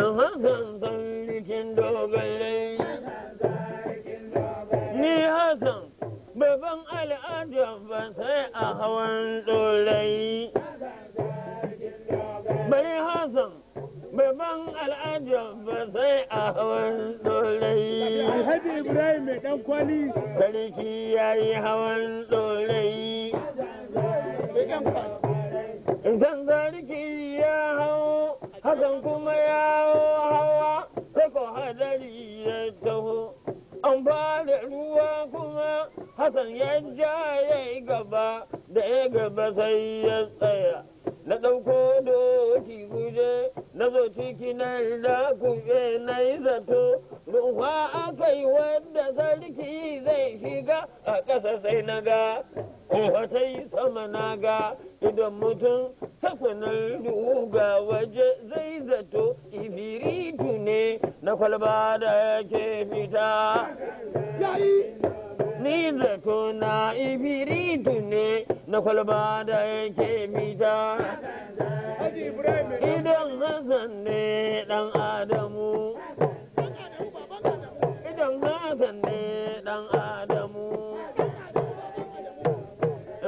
sarkin dogarai ni Hassan baban al'adar ba a hawan tsolai Hassan baban al'adar ba sai a hawan tsolai alhaji ibrahim mai dan kwali sarki ya yi hawan zan zarki ya hawan hakan kuma yawo hawa sako hadari ya taho an fara ruwa kuma hasan ya ja ya yi gaba da ya gaba sai ya tsaya na ɗauko doki guje na zo ciki na da kuɓe na yi zato ruwa aka yi wadda sarki zai shiga a ƙasa sai na ga ko ta sama na ga idan mutum sasanar duga waje zai zato ibiritu ne na kwalba da yake fita ni zato na ibiritu ne na kwalba da yake fita idan zan ne dan adam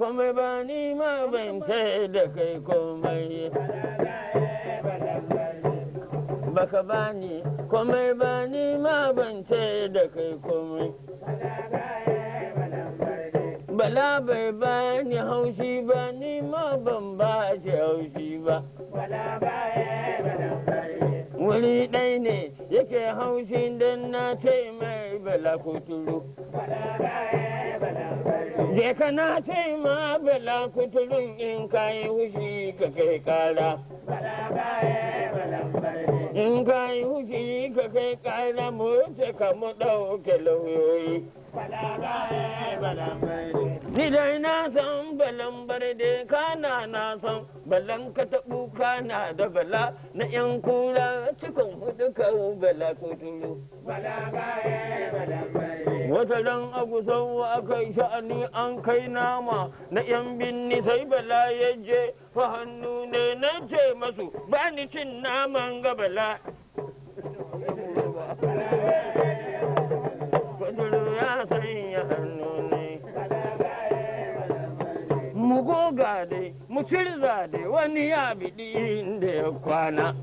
kuma ba ni ma ban kai da kai komai baka ba ni komai ba ni ma ban kai da kai komai bala bai ba ni haushi ba ni ma ban ba shi haushi ba wuri ɗai ne yake haushin don na ce mai bala kuturu je ka na ce ma bala kuturun in kayi hushi ka kai kara mai ƙara mu ce ka mu ɗauke lauyoyi. Ni na san balan barde kana na san balan ka taɓu kana da bala na ‘yan kura cikin hudu kan bala kuturu. Wata ran abu sauwa aka yi sha'ani an kai nama na ‘yan binni sai bala ya je fa hannu ne na ce masu ba ni cin naman ga bala. goga dai wani ya biɗi inda ya kwana.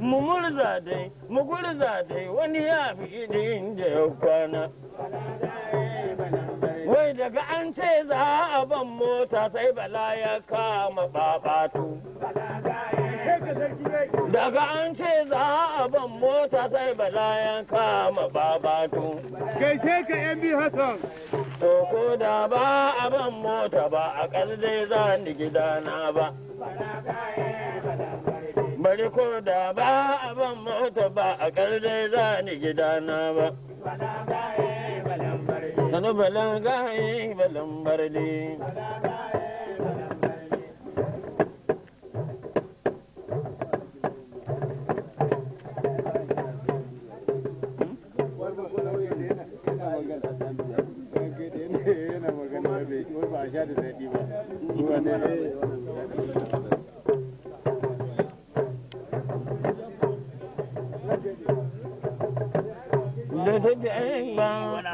Mu murza dai mu gurza dai wani ya biɗi inda ya kwana. wai daga an ce za a ban mota sai bala ya kama babatu daga an ce za a ban mota sai bala ya kama babatu kai sai ka yan biyu hassan to ko da ba a ban mota ba a dai za ni gidana ba bari ko da ba a ban mota ba a dai za ni gidana ba sanu balan gaye balan barde hmm. da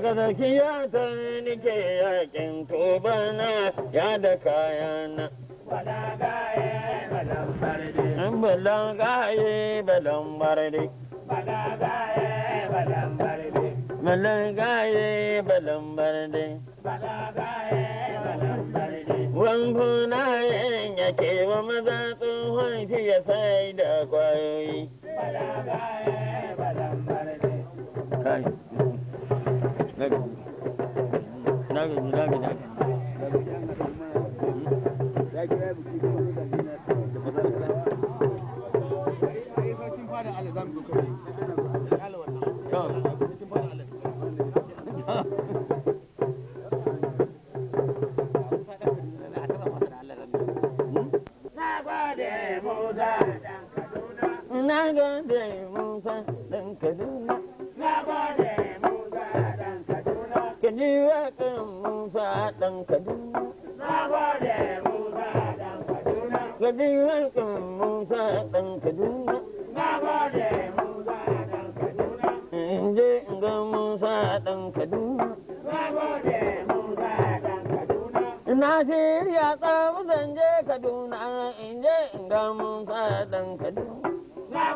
daga zakiya ta nike yakin tobana ya da kayana balan gaye balan barde balan gaye balan barde balan gaye balan barde balan gaye balan barde wanguna yake wa maza tsohon shi ya sai da kwayoyi balan gaye na gode musa kaduna na musa dan kaduna ka kan musa dan kaduna na musa dan kaduna ka kan musa dan kaduna na musa dan kaduna in je ga musa dan kaduna na musa dan shirya tsamu zan kaduna in je kaduna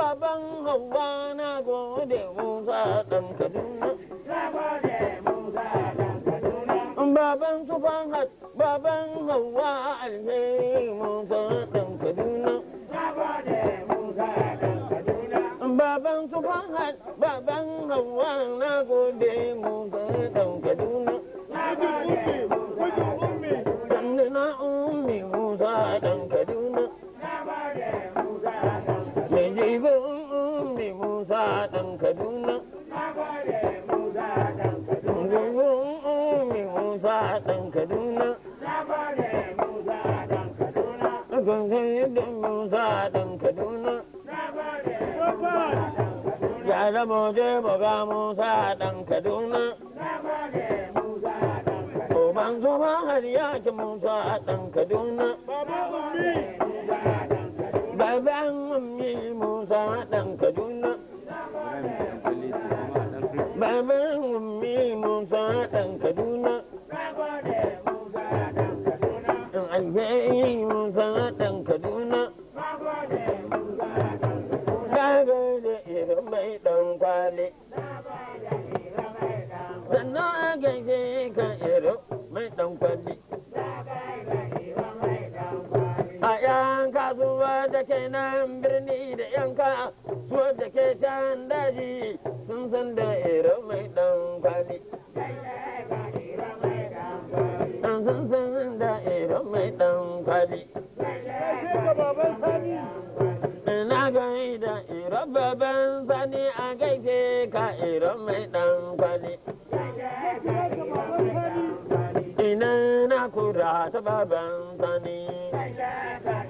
baban hawa na gode musa dan kaduna baban tufan hat baban hawa alheri musa dan kaduna baban tufan hat baban hawa na gode musa dan kaduna gungun din musa ɗan kaduna ya zama je baga musa ɗan kaduna Oban zuma har yaki musa ɗan kaduna baban ummi musa ɗan kaduna nan birni da yanka su da ke can daji sun san da ero mai dan kwali sun san da ero mai dan kwali na gai da ero baban sani a gaishe ka ero mai dan kwali ina na kura ta baban sani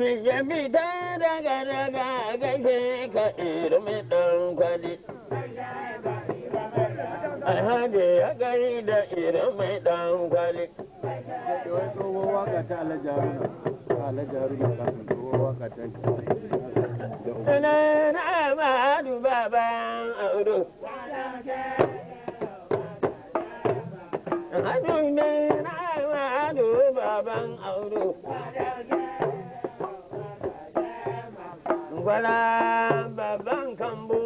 Kuri shafi daga daga gaishe ka irumi ɗan kwali. da ɗan kwali. na, Hajjun ne na Amadu baban auro. gwara babban kambu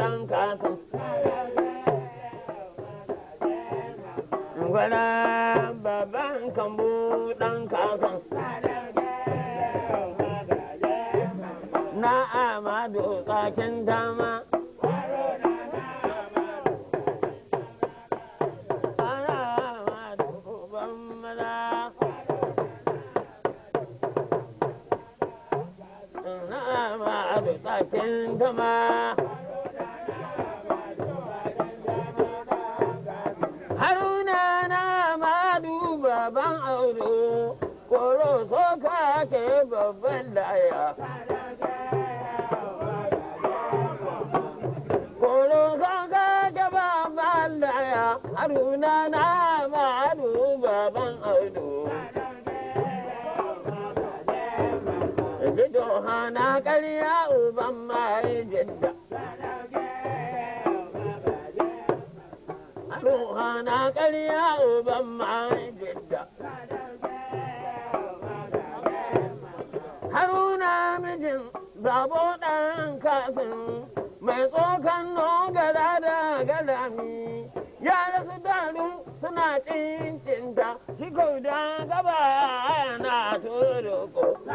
dan kaka gwara babban kambu dan kaka na amadu tsakin dama dama haruna na ma duba ban auro koro so ka ke babban laya koro so ka ke babban laya haruna na na ƙarya ban ma Haruna mijin zabo ɗan kasin mai tsokan nogara da galami yara su daru suna cincinta shi da gaba na turoko.